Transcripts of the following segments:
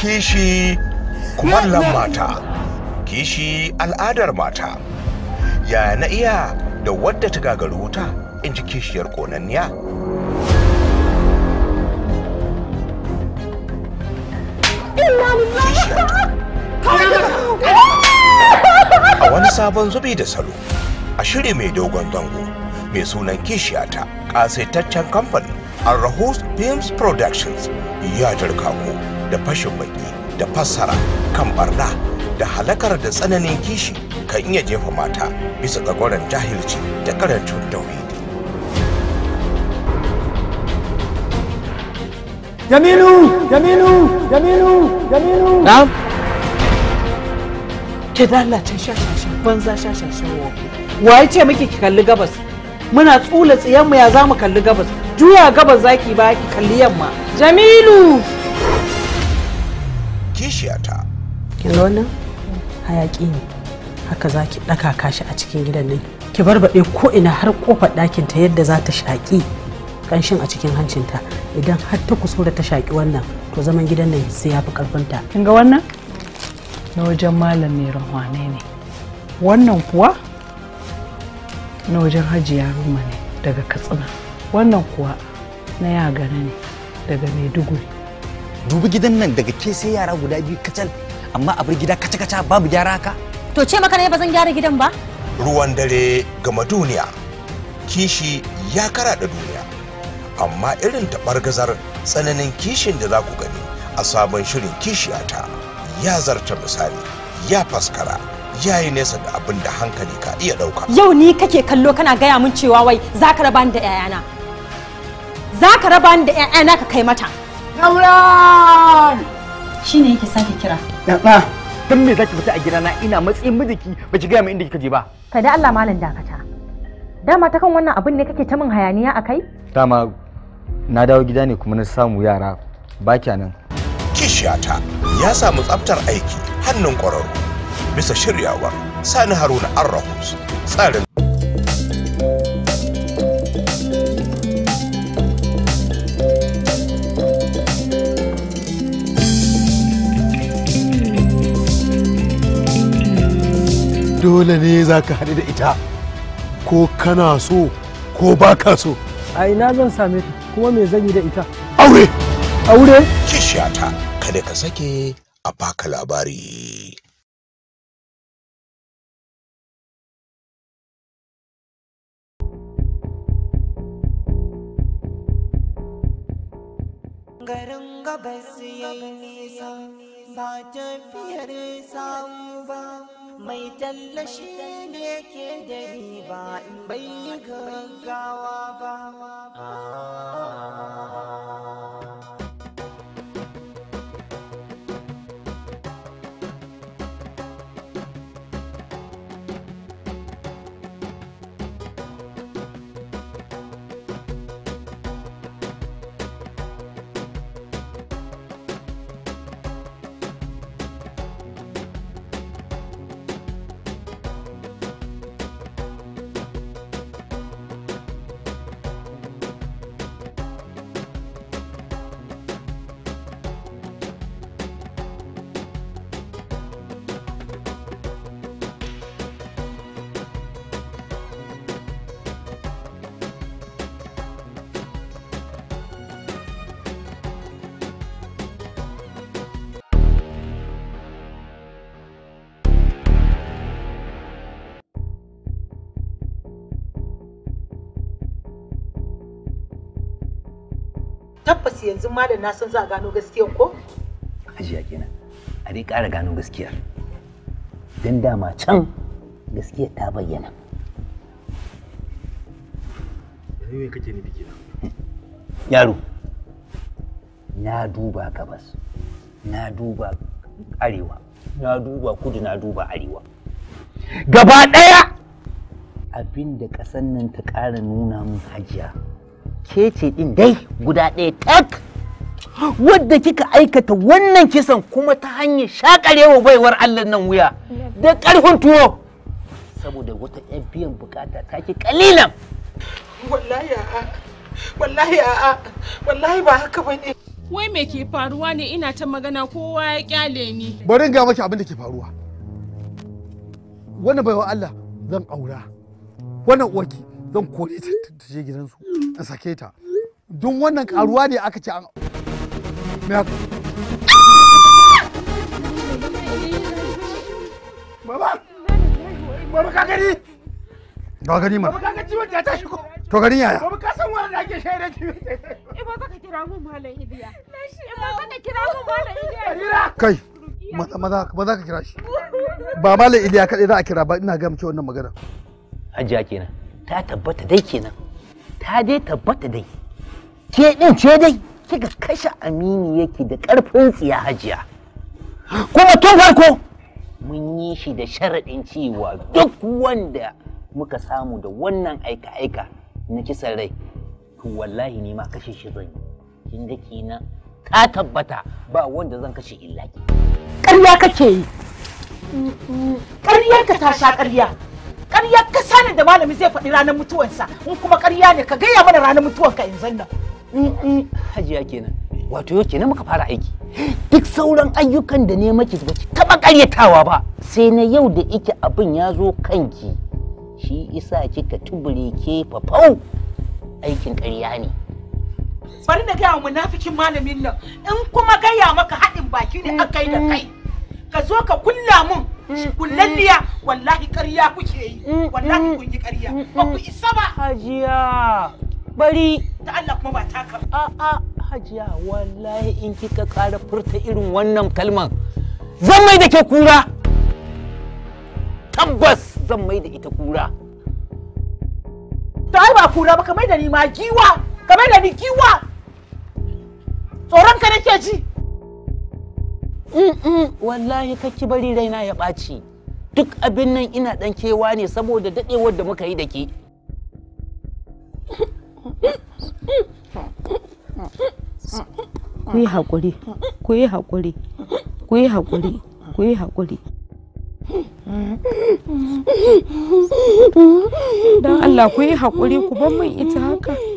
kishi kumallon mata kishi al'adar mata ya na iya da wadda ta gagaru wuta in ji kishiyar konanniya a wani sabon zubi da salo a shiri mai dogon dango mai sunan kishiyata ƙasaitaccen kamfanin Arahus Films Productions ya jarka ku da fashin baki da fassara kan barna da halakar da tsananin kishi kan iya jefa mata bisa ga gwaran jahilci da karantun tauhidi. Jaminu! Jaminu! Jaminu! Jaminu! Na'am? Ke dalacin shashashi banza shashashi wa. Wa ya ce muke ki kalli gabas? Muna tsula tsiyanmu ya za mu kalli gabas. juya gaba zaki ba ki kalli yamma jamilu kishiyata kin wannan hayaki ne haka zaki daka kashi a cikin gidan nan ki barbaɗe ko ina har kofar ɗakin ta yadda za ta shaƙi kanshin a cikin hancinta idan har ta kusura ta shaƙi wannan to zaman gidan nan sai ya fi ƙarfinta kin ga wannan na wajen malam mai rahwane ne wannan kuwa na wajen hajiya ruma ne daga katsina wannan kuwa na ya gane ne daga maiduguri dubi gidan nan daga ke sai yara guda biyu kacal amma abin gida kaca-kaca babu gyara ka to ce maka ne ba zan gyara gidan ba ruwan dare gama duniya kishi ya kara da duniya amma irin gazar tsananin kishin da za ku gani a sabon shirin kishiyata ya zarta misali ya faskara ya yi nesa da abin da hankali ka iya ɗauka yau ni kake kallo kana gaya min cewa wai za ka raba da 'ya'yana za ka raba ni da 'ya'yana ka kai mata Gauran! Shi ne yake sake kira. Ɗanɗa don me za ki fita a gida na? ina matsayin mijiki ba ki gaya min inda kika je ba. Ka da Allah malam dakata. Dama ta kan wannan abin ne kake ta min hayaniya a kai? Dama na dawo gida ne kuma na samu yara ba nan. Kishiyata ya samu tsaftar aiki hannun ƙwararru bisa shiryawar Sani Haruna Arrahus tsarin. dole ne za ka haɗu da ita ko kana so ko ba ka so a ina zan same ta kuma me zan yi da ita aure aure kishiyata kada ka sake a baka labari garin gabas yayi nisa ba tafiyar samu ba mai tallashe ne ke da riba in bai gaggawa ba ah. su yanzu ma da na san za a gano gaskiyar ko? Hajiya kenan. A dai ƙara gano gaskiyar. Don dama can gaskiyar ta bayyana. Yanzu me kake nufi kenan? Yaro. Na duba gabas. Na duba arewa. Na duba kudu na duba arewa. Gaba ɗaya abin da ƙasar nan ta ƙara nuna mun hajiya. kece din dai guda ɗaya tak wadda kika aikata wannan kisan kuma ta hanyar shakarewa baiwar allah nan wuya da ƙarfin tuwo saboda wata yan biyan bukata ta ki kalilan wallahi a'a wallahi a'a wallahi ba haka bane wai me ke faruwa ne ina ta magana kowa ya kyale ni bari ga maki abin da ke faruwa wannan baiwa Allah zan aura wannan uwarki zan kore ta je gidansu in sake ta don wannan karuwa ne aka ce an baba baba ka gani ka gani ma? baba ka ci ciwon ta shigo to gani yaya baba ka san wanda ake shaida ciwon ibo eh, zaka kira mun malam idiya ibo eh, zaka kira mun malam idiya kai maza maza ka kira shi ba malam idiya kadai za a kira ba ina ga miki wannan magana ajiya kenan ta tabbata dai kenan ta dai tabbata dai ke din ce dai kika kashe amini yake da karfin tsiya hajiya kuma tun farko mun yi shi da sharaɗin cewa duk wanda muka samu da wannan aika-aika na kisan rai to wallahi ne ma kashe shi zan yi kin ga kenan ta tabbata ba wanda zan kashe illa ƙarya kake yi ƙaryarka ta sha ƙarya ƙarya ka sani da malami zai faɗi ranar mutuwansa in kuma ƙarya ne ka gaya mana ranar mutuwanka in zanna in hajiya kenan wato yau kenan muka fara aiki duk sauran ayyukan da ne maki ba ki taɓa ƙaryatawa ba sai na yau da ike abin ya zo kanki shi isa kika tubure ke fafau aikin ƙarya ne bari na gaya wa munafikin malamin nan in kuma gaya maka haɗin baki ne aka yi da mm. kai ka zo ka kulla mun Mm. kullalliya mm. wallahi ƙarya kuke yi mm. wallahi kun yi ƙarya ba ku isa ba hajiya bari ta Allah kuma ba taka a a hajiya wallahi in kika ƙara furta irin wannan kalman zan mai da ke kura tabbas zan mai da ita kura ta ai ba kura ba ka mai da ni ma giwa ka mai da ni giwa tsoron ka nake ji wallahi kake bari raina ya ɓaci duk abin nan ina ɗan kewa ne saboda daɗewar da muka yi da ke ku yi haƙuri ku yi haƙuri ku yi haƙuri ku yi haƙuri don allah ku yi haƙuri ku ban min ita haka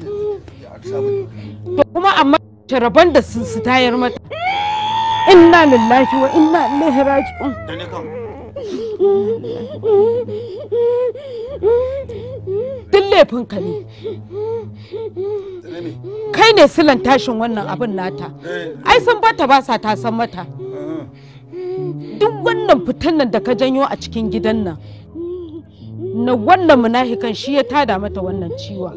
to kuma amma sharaban da sun su tayar mata inna lillahi wa inna ilaihi raji'un duk laifin ka ne kai ne silan tashin wannan abin nata ai san bata ba sa san mata duk wannan nan da ka janyo a cikin gidan nan na wannan munahikan shi ya tada mata wannan ciwa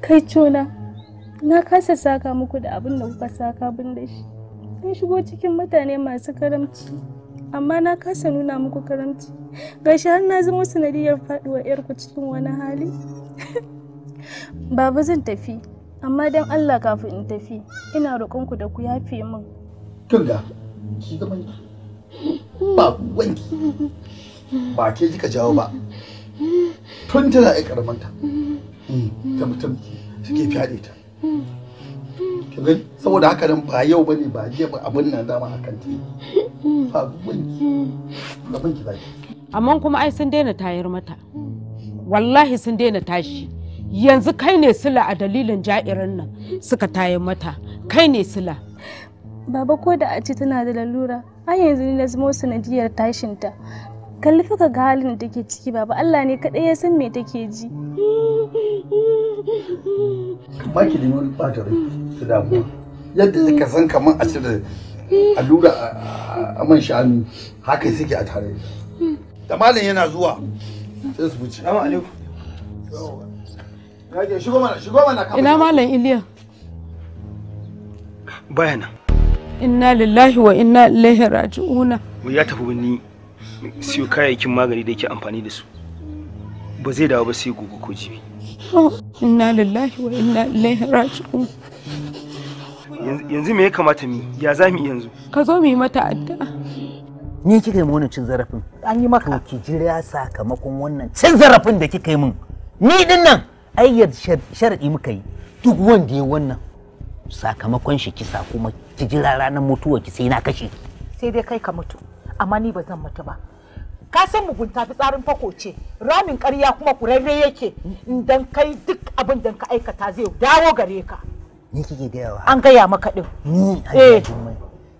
kai cona na kasa saka muku da abin da kuka saka bin da shi kun shigo cikin mutane masu karamci amma na kasa nuna muku karamci gashi har na zama sanadiyar faduwa yarku cikin wani hali baba zan tafi amma don allah kafin in tafi ina roƙonku da ku yafe min shi ba wanki ba ke kika jawo ba tun tana ai karamanta hmm, ta mutum suke fyaɗe ta kin saboda haka nan ba yau bane ba jiya ba abin nan dama akan ta ba wanki ba banki ba amma kuma ai sun daina tayar mata wallahi sun daina tashi yanzu kai ne sila a dalilin ja'irin nan suka tayar mata kai ne sila baba ko da a ce tana da lalura har yanzu ne na zama sanadiyar tashinta kalli fa ka ga halin da take ciki baba Allah ne kaɗai ya san me take ji ba ki da wani ɓata rai su damuwa yadda zai san kamar a ce da allura a man shanu haka suke a tare da malin yana zuwa sai su wuce salamu alaikum shigo mana shigo mana ina malam iliya baya nan inna lillahi wa inna ilaihi raji'una ya tafi wani siyo kayayyakin magani da yake amfani da su ba zai dawo ba sai gobe ko jibi inna lillahi wa inna ilaihi raji'un yanzu me ya kamata mi ya za mu yanzu ka zo mu yi mata addu'a ni kika yi wannan cin zarafin an yi maka ki jira sakamakon wannan cin zarafin da kika yi min ni din nan ayyar sharadi muka yi duk wanda ya wannan sakamakon shi kisa kuma ki jira ranar mutuwar ki sai na kashe ki sai dai kai ka mutu amma ni ba zan mutu ba ka san mugunta fitsarin fako ce ramin ƙarya kuma kurarre yake idan kai duk abin da ka aikata zai dawo gare ka ni kike ga yawa an gaya maka din ni eh.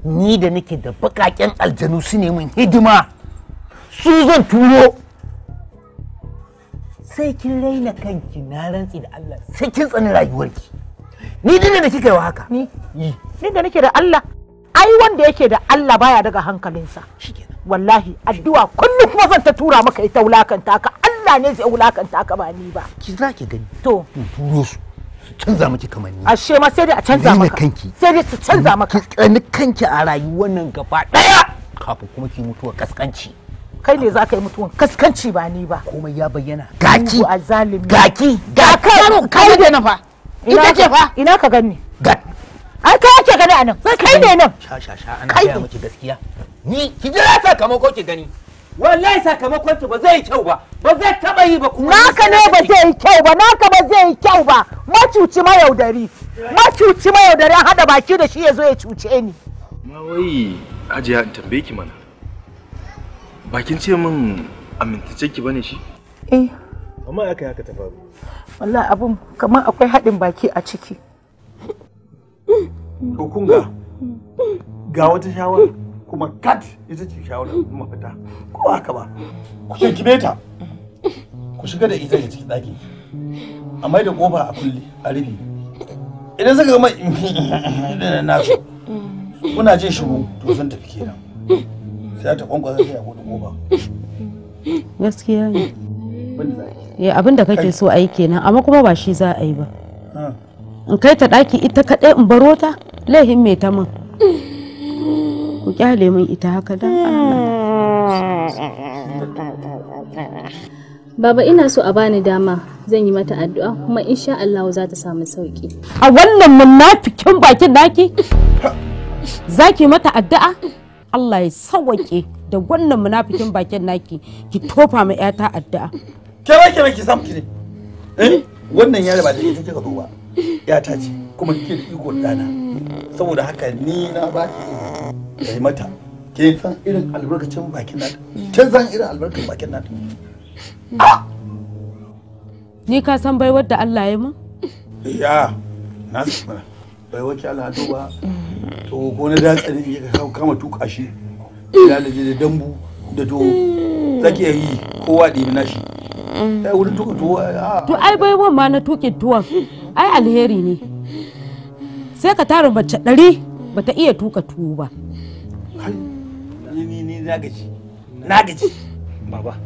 ni da nake da bakaken aljanu su ne min hidima su zan turo sai kin raina kanki na rantsi da Allah sai kin tsani rayuwarki ni dinne da kika yi haka ni ni da nake da Allah ai wanda yake da Allah baya daga hankalinsa wallahi addu'a kullum kuma zan ta tura maka ita wulakanta ka Allah ne zai wulakanta ka ba ni ba ki za ki gani to turo su canza miki ni. ashe ma sai dai a canza maka kanki sai dai su canza maka tsani kanki a rayuwar nan gaba daya kafin kuma ki mutuwa kaskanci kai ne za ka yi mutuwan kaskanci ba ni ba komai ya bayyana gaki gaki ga kai kai da na fa ita ce fa ina ka gani gad ai kai ake gani anan kai ne nan sha sha sha ana gaya miki gaskiya ni ki jira sakamakon ki gani wallahi sakamakon ki ba zai yi kyau ba ba zai taba yi ba kuma naka ne ba zai yi kyau ba naka ba zai yi kyau ba macuci mayaudari macuci mayaudari an hada baki da shi yazo zo ya cuce ni ma wai ajiya in tambaye ki mana bakin ce min amintace ki bane shi eh amma aka haka ta faru wallahi abun kamar akwai haɗin baki a ciki to kunga ga wata shawara kuma kat ita ce shawara fita ko haka ba ku ce kibe ku shiga da ita da cikin ɗaki a mai da kofa a kulle a rufe idan suka idan na nasu kuna jin shigo to sun tafi kenan sai ta kwankwasa sai a gudu kofa gaskiya ne ya eh, abin da kake so a yi kenan amma kuma ba shi za a yi ba in kai ta ɗaki ita kaɗai in baro ta laihin mai ta min ku kyale min ita haka don Baba ina so a bani dama zan yi mata addu'a kuma insha Allah za ta samu sauki. A wannan munafikin bakin naki? Zaki mata addu'a? Allah ya sawwake da wannan munafikin bakin naki ki tofa ma 'yata addu'a. ke ba ke ki samu kire eh wannan yare ba da ke kika zo ba ya ta ce kuma kike da iko dana saboda haka ni na ba ki kai mata ke san irin albarkacin bakin nata ke san irin albarkacin bakin nata ni ka san bai wadda Allah ya mu ya na san bai wacce Allah duba to ko na datsa ne ka kama tuka shi ya da dambu da to zaki yi kowa ɗibi nashi Eh, wurin tuka tuwo eh, ah. to ai baiwan ma na tukin tuwon ai alheri ne sai ka tara mace ɗari bata iya tuka tuwo ba ni na gaji na gaji baba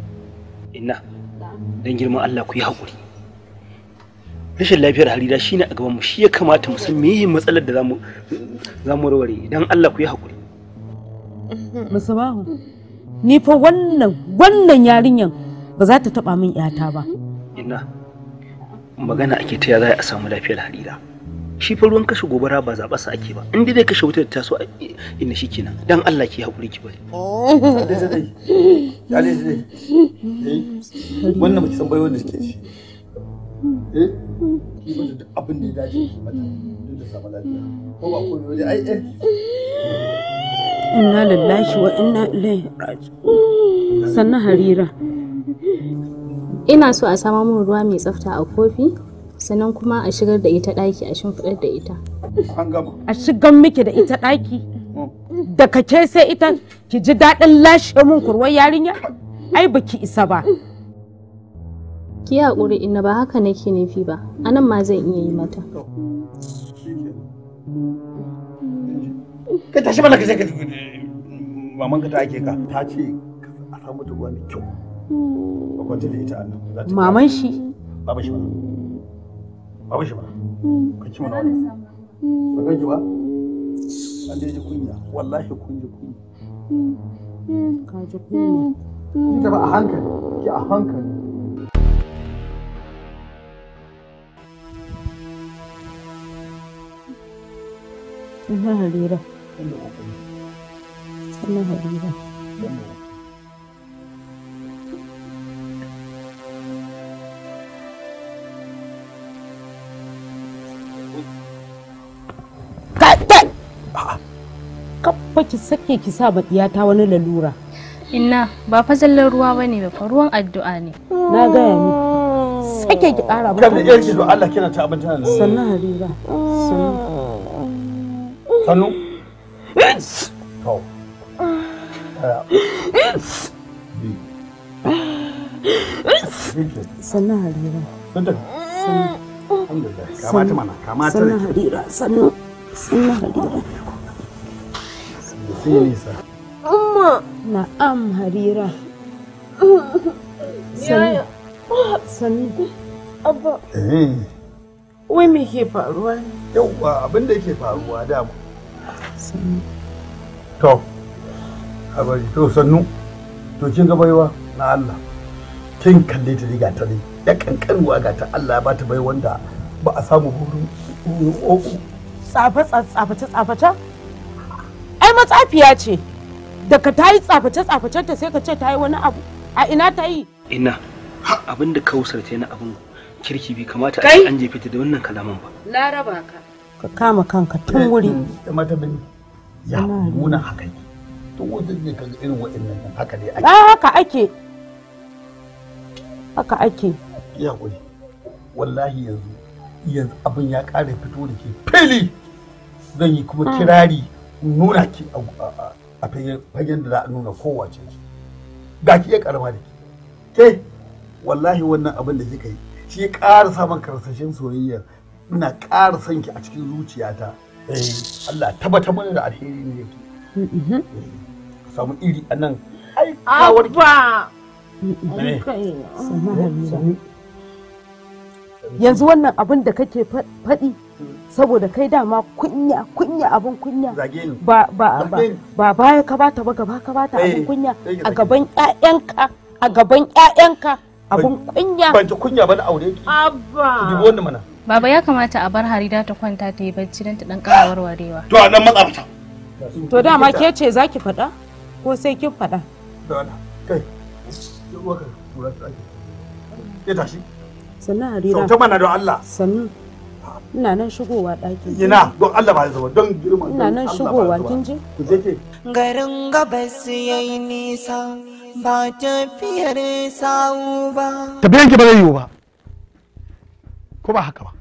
inna dan girman Allah ku yi hakuri rashin lafiyar harira shine a gaban mu shi ya kamata mu san meye matsalar da zamu zamu warware dan Allah ku yi hakuri musabahu ni fa wannan wannan yarinyan ba za ta taba min yata ba ina magana ake ta za a samu lafiyar harira shi fa ruwan kashe gobara ba zaɓa sa ake ba inda dai kashe wutar ta so ina shi kenan dan Allah ki haƙuri ki bari eh, wannan baki san bai wanda suke shi eh ki ba da abin da ya dace ki mata don ta samu lafiya ko ba ko ne ai eh inna lillahi wa inna ilaihi raji'un sannan harira ina so a samo min ruwa mai tsafta a kofi sannan kuma a shigar da ita daki a shimfiɗar da ita a shigar miki da ita daki da kake sai ita ki ji daɗin lashe min kurwar yarinya ai baki isa ba ki haƙuri ina ba haka nake nufi ba anan ma zan iya yi mata ka tashi mana ka sai ka eh, ta ake ka ta ce a samu ta ruwa mai kyau ba kwanta da ita annan za ta maman shi babu shi ba babu shi ba ba mm. ki mana wani ba ganki ba an da ji kunya wallahi kun ji kunya ka ji kunya ita ba a hankali ki a hankali Allah harira. Allah harira. fa ki sake ki sa ba iyata wani lalura inna ba fa zallan ruwa bane ba fa ruwan addu'a ne na ga ya ni sake ki kara ba kan yanki do Allah kina ta abinta tana sannan harira sannu to sannan harira sannan kamata mana kamata sannan harira sannan sannan harira sai nisa umma na'am harira sannu sannu ah. abba eh. wai me ke faruwa ne yauwa abin da ke faruwa dama sannu to abari to sannu to kin ga baiwa na Allah kin kalle ta riga ta ne ya kankanuwa ga ta Allah ya bata bai wanda ba a samu hurun tsafa tsafa tsafa ai matsafiya ce daga ta yi tsaface ta sai ka ce ta yi wani abu a ina ta yi ina abin da kausar ta na abin kirki bi kamata a an jefe ta da wannan kalaman ba laraba ka ka kama kanka tun wuri eh, eh, da mata bin ya muna haka ne to wanda ne kaga irin wa'annan haka ne ake haka ake haka ake ya kudi wallahi yanzu yanzu abin ya kare fito da ke fili zan yi kuma hmm. kirari nuna ki a fagen da za a nuna kowace shi ga ki ya karama da ki ke wallahi wannan abin da kika yi shi ya ƙara samun karsashin soyayya ina ƙara son ki a cikin zuciyata eh, Allah tabbata mana da alheri ne yake mm-hmm. eh, samu iri a nan ai kawar ki mm-hmm. eh. yanzu wannan abin da kake faɗi saboda kai dama kunya kunya abun kunya ba ba ba ba baya ka bata ba gaba ka bata abun eh, kunya a gaban ƴaƴanka a gaban ƴaƴanka abun kunya ban ji kunya ba na aure ki abba ki wannan mana baba ya kamata a bar harida ta kwanta ta yi bacci dan ta dan ƙara warwarewa to anan matsafta to dama ke ce zaki fada ko sai kin fada faɗa kai ya tashi sannan harira sauta mana don Allah sannan ina nan shigowa ɗakin ina don Allah ba zama don girma ina nan shigowa kin ji ku je ke garin gabas yayi nisa ba tafiyar sawu ba tafiyan ki ba zai yiwu ba ko ba haka ba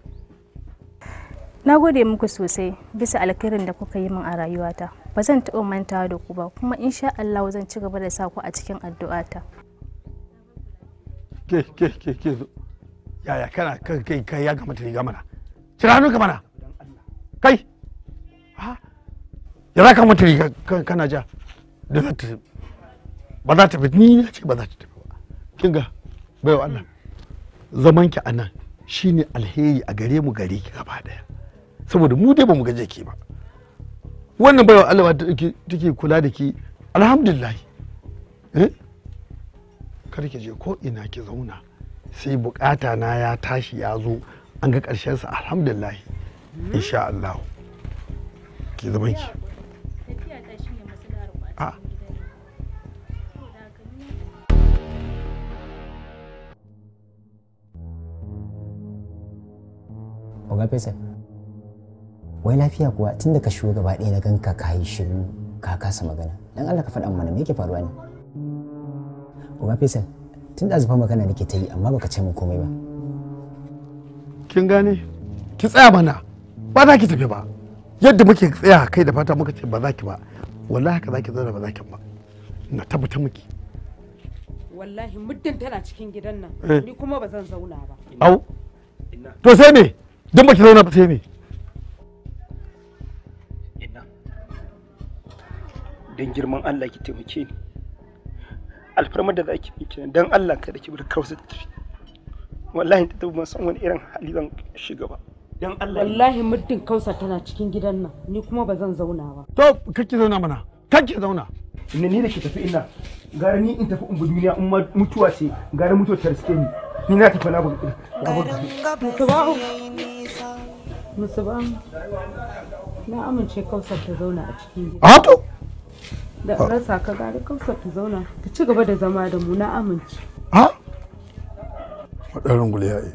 na gode muku sosai bisa alkhairin da kuka yi min a rayuwata ba zan taɓa mantawa da ku ba kuma insha Allah zan ci gaba da sa ku a cikin addu'ata ke ke ke ke yaya kana kai kai ya gama ta riga mana cira ka mana kai ya za ka mata riga kana ja da za ta ba za ta fi ni na ce ba za ta tafi ba kin ga bai wa Allah zaman ki a nan shine alheri a gare mu gare ki gaba daya saboda mu dai ba mu gaje ki ba wannan bai wa Allah ba take kula da ki alhamdulillah eh? kar ki je ko ina ki zauna sai bukata na ya tashi ya zo an ga ƙarshen sa alhamdulillah insha Allah ki zaman ki ah. Oga Faisal, wai lafiya kuwa tun da ka shigo gaba ɗaya na ganka ka yi shiru ka kasa magana. Dan Allah ka faɗa mana me yake faruwa ne? Oga Faisal, tun da azufa magana nake ta yi amma baka ce min komai ba. kin gane ki tsaya mana ba za ki tafi ba yadda muke tsaya kai da fata muka ce ba za ki ba wallahi haka za ki zara ba za ki ba na tabbata miki wallahi muddin tana cikin gidan nan eh. ni kuma ba zan zauna ba au to sai me duk ba ki zauna ba sai me don girman Allah ki taimake ni alfarmar da zaki ki yi don Allah kada ki bar kausa tafi wallahi ta ban san wani irin hali zan shiga ba dan Allah wallahi muddin kausa tana cikin gidan nan ni kuma ba zan zauna ba to kake zauna mana kake zauna ina ni da ke tafi ina gara ni in tafi in duniya in mutuwa ce gara mutuwa ta riske ni ni na tafi na ka musubahu musubahu na amince kausa ta zauna a cikin gidan a to da rasa ka gara kausa ta zauna ta ci gaba da zama da mu na amince ha Waɗarin guli ya yi.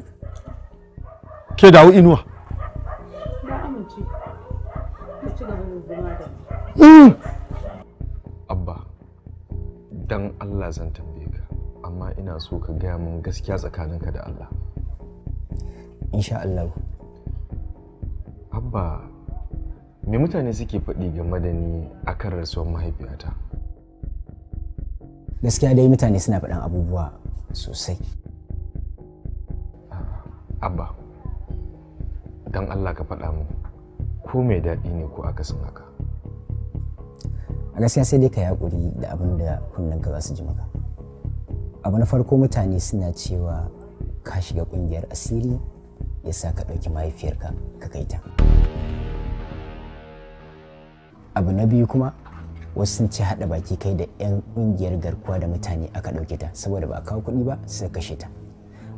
Ke dawo inuwa. Hmm. Abba, dan Allah zan tambaye ka, amma ina so ka gaya min gaskiya tsakaninka da Allah. Insha Allah. Abba, me mutane suke faɗi game da ni a kan rasuwar mahaifiyata? Gaskiya dai mutane suna faɗan abubuwa sosai. abba don allah ka faɗa mu ko mai daɗi ne ko akasin haka a gaskiya sai dai ka yaƙuri da abin da ka za su ji maka abu na farko mutane suna cewa ka shiga ƙungiyar asiri ya sa ka ɗauki mahaifiyarka ka kai ta abu na biyu kuma wasu sun ci haɗa baki kai da 'yan ƙungiyar garkuwa da mutane aka ɗauke ta saboda ba a kawo kuɗi ba suka kashe ta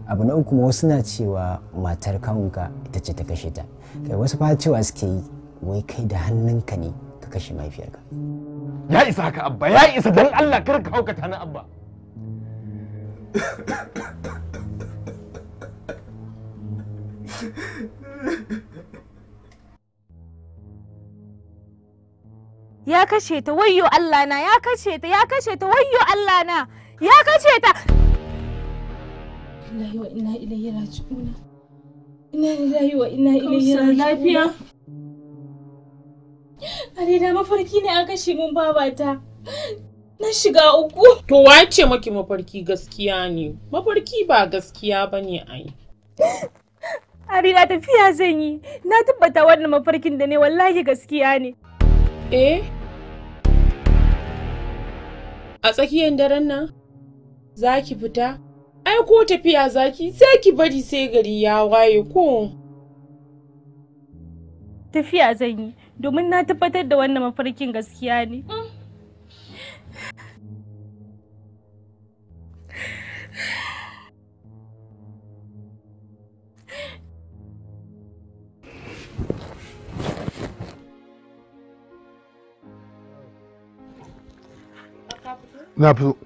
abu na uku wasu na cewa matar kawunka ita ce ta kashe ta kai wasu fa cewa suke yi wai kai da hannunka ne ka kashe mahaifiyarka ya isa haka abba ya isa dan Allah kar ka haukata na abba ya kashe ta wayyo Allah na ya kashe ta ya kashe ta wayyo Allah na ya kashe ta lillahi wa inna ilaihi raji'una inna lillahi wa inna ilaihi raji'una lafiya Alina mafarki ne aka kashe mun babata na shiga uku to wace maki mafarki gaskiya ne mafarki ba gaskiya ba bane ai Arina tafiya zan yi na tabbata wannan mafarkin da ne wallahi gaskiya ne eh a tsakiyar daren nan za ki fita ai ko tafiya zaki sai ki bari sai gari ya waye ko tafiya zan yi domin na tabbatar da wannan mafarkin gaskiya ne Na fito.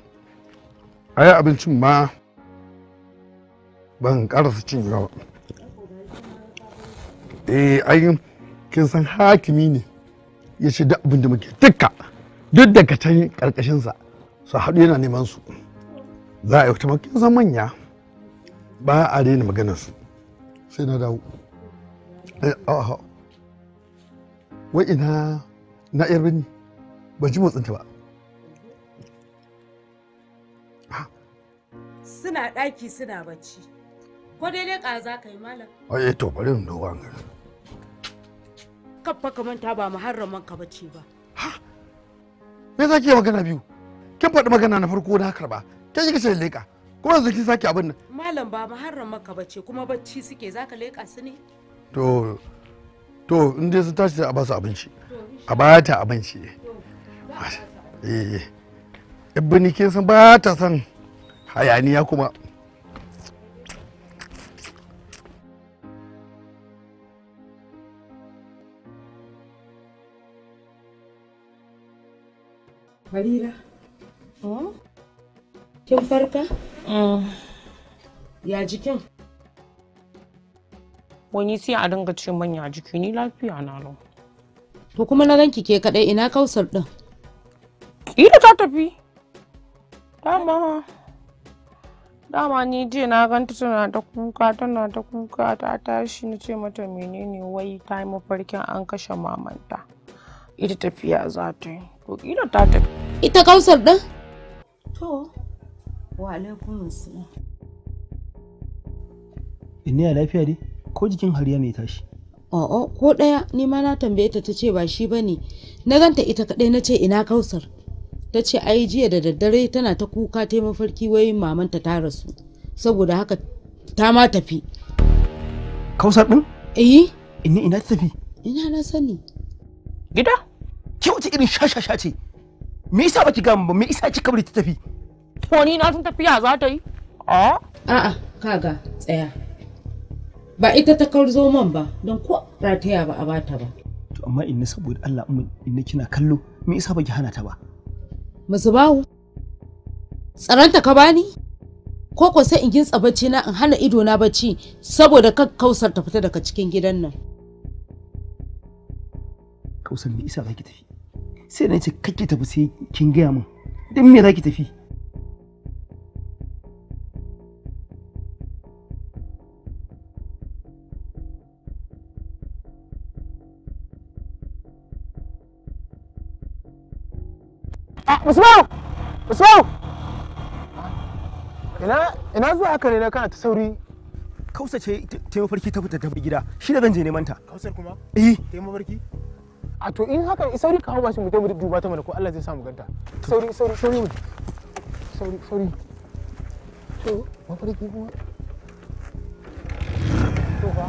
A yi abincin ma ban karasa cin ba eh ai kin san hakimi ne ya ce duk abin da muke dukka duk daga can sa su haɗu yana neman su za a yi wata makin san manya ba a daina maganarsu sai na dawo eh, wai ina na irin birni ban ji motsinta ba suna ɗaki suna bacci Ko dai dai ƙaza kai malam. Ai eh to bari in duba gani. Kaffa ka manta ba muharraman ka bace ba. Ha? Me za ki magana biyu? Kin faɗi magana na farko na karba. Ta yi kace leka. Kuma yanzu kin saki abin nan. Malam ba muharraman ka bace kuma bacci suke zaka leka su ne? To to in dai sun tashi a ba su abinci. A ba ta abinci. Eh, eh. Ibni kin san ba ta san hayaniya kuma. Farira. Oh. Kin farka? Mm. Ya jikin? Wani sai a dinga ce man ya jiki ni lafiya na lau. To kuma na ranki ke kaɗai ina kausar ɗin. Ida ta tafi. Dama. Dama ni jiya na ganta tana ta kuka tana ta kuka ta tashi na ce mata menene wai ta yi mafarkin an kashe mamanta. Ita tafiya za ta yi. to kila ta tafi ita kausar din to wa alaikum assalam inni a lafiya dai ko jikin hariya mai tashi A'a ko ɗaya ni ma na tambaye ta ta ce ba shi ba ne na ganta ita kadai na ce ina kausar ta ce ai jiya da daddare tana ta kuka ta mafarki wai mamanta ta rasu saboda haka ta ma tafi kausar ɗin? eh ina ina ta tafi ina na sani gida ke wace irin shashasha ce me yasa baki ga ba? me yasa kika bari ta tafi to ni na san tafiya za ta yi a a kaga tsaya ba ita ta karzo man ba don ko rataya ba a bata ba to amma inna saboda Allah inna kina kallo me yasa baki hana ta ba musu bawo tsaranta ka bani ko ko sai in gintsa bacci na in hana ido na bacci saboda kausar ta fita daga cikin gidan nan kausar me isa za ki tafi sai na ce kake tafi sai kin gaya min dan me za ki tafi ah, Usman! Usman! Ina ina zuwa haka ne na kana ta sauri kausa ce ta mafarki ta fita ta gida shi da zan je neman ta kausar kuma eh ta mafarki a to in haka sauri ka hau mashin mu dai duba ta mana ko Allah zai sa mu ganta sauri sauri sauri sauri sauri sauri to ba ki kuma to ba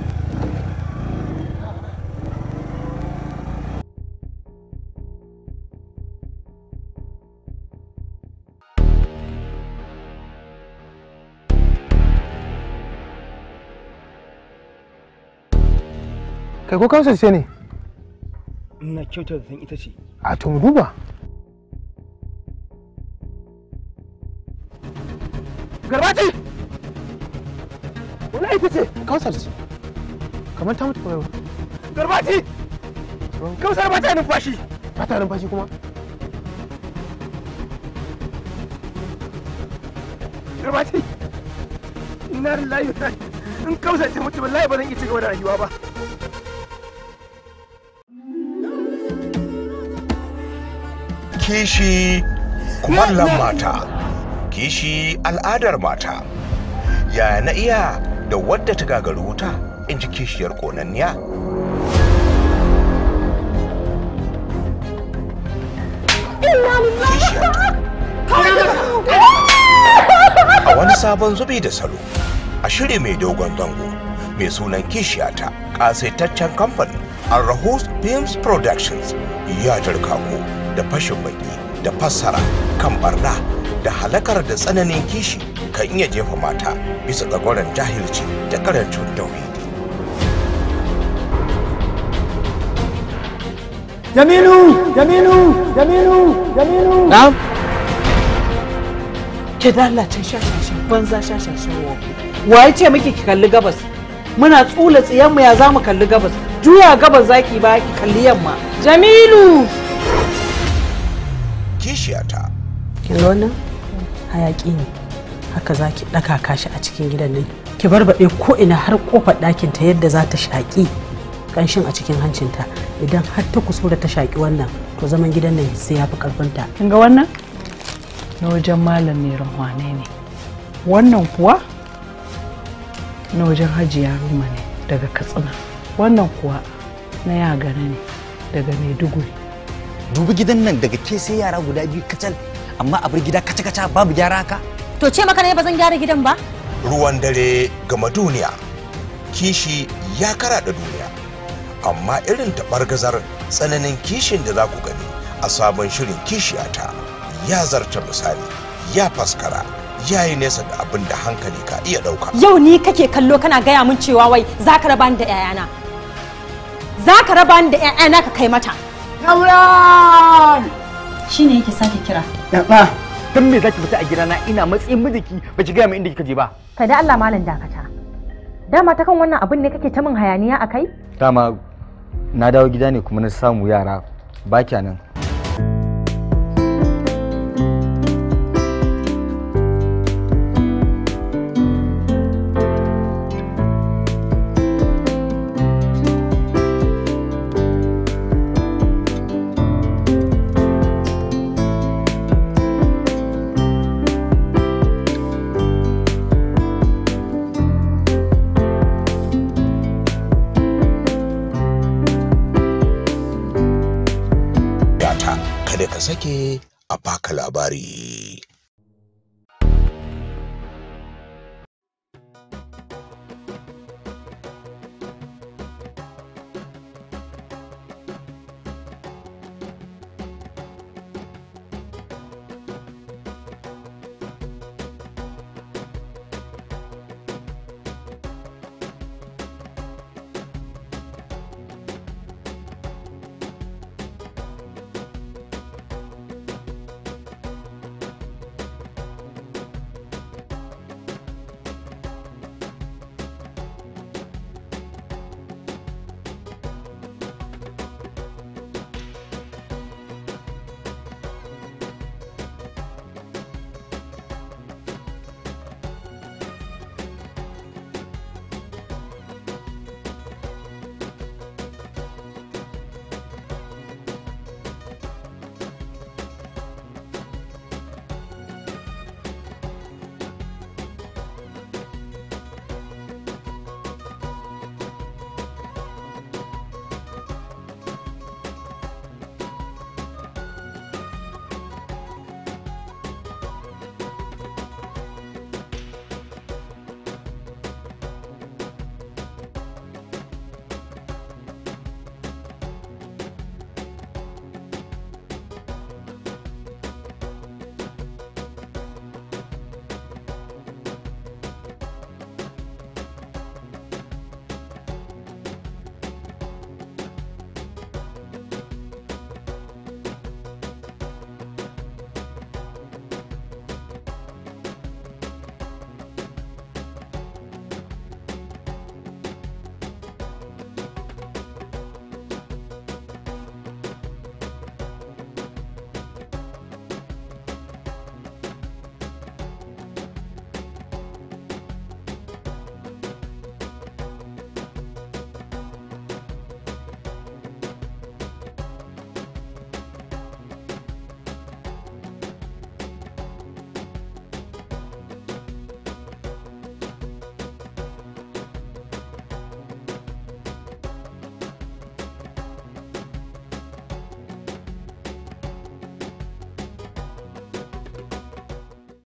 kai ko kansa ce ne na kyauta da ita ce a to mu duba garbati wala ita ce kausar ce kamar ta mutu kwayo. garbati kausar ba ta numfashi ba ta numfashi kuma garbati ina da layu in kausar ce mutu layu ba zan iya cigaba da rayuwa ba kishi kumallon mata kishi al'adar mata ya na iya da wadda ta gagari wuta in ji kishiyar konanniya? a wani sabon zubi da salo a shiri mai dogon zango mai sunan kishiyata ƙasaitaccen kamfanin arahus films productions ya jirka ko da fashin baki da fassara kan barna da halakar da tsananin kishi kan iya jefa mata bisa tsagoran jahilci da karancin tauhidi. Jaminu! Jaminu! Jaminu! Jaminu! Na? Ke dalacin shashashin banza shashashin wofi. Waye ce muke ki kalli gabas? Muna tsula tsiyanmu ya za mu kalli gabas. Juya gabas zaki ba ki kalli yamma. Jamilu! kishiyata kin ga wannan hayaki ne haka za ki ɗaka kashi a cikin gidan nan ki barbaɗe ko ina har kofar ɗakin ta yadda za ta shaƙi kanshin a cikin hancinta idan har ta kusura ta shaƙi wannan to zaman gidan nan sai ya fi ƙarfinta kin ga wannan na wajen malam mai ruhwane ne wannan kuwa na wajen hajiya ruma ne daga katsina wannan kuwa na yagana ne daga maiduguri dubi gidan nan daga ke sai yara guda biyu kacal amma a gida kaca kaca babu gyara ka to ce maka ne ba zan gyara gidan ba ruwan dare gama duniya kishi ya kara da duniya amma irin gazar tsananin kishin da za ku gani a sabon shirin kishiyata ya zarta misali ya faskara ya yi nesa da abin da hankali ka iya ɗauka yau ni kake kallo kana gaya min cewa wai za ka raba ni da 'ya'yana za ka raba ni da 'ya'yana ka kai mata Kauran! Shi ne yake sake kira. Yatsa, don me zaki fita a gidana ina matsayin mijiki ba ki gaya min inda kika je ba. Kai da Allah malam dakata. Dama ta kan wannan abin ne kake ta min hayaniya a kai? Dama na dawo gida ne kuma na samu yara ba nan.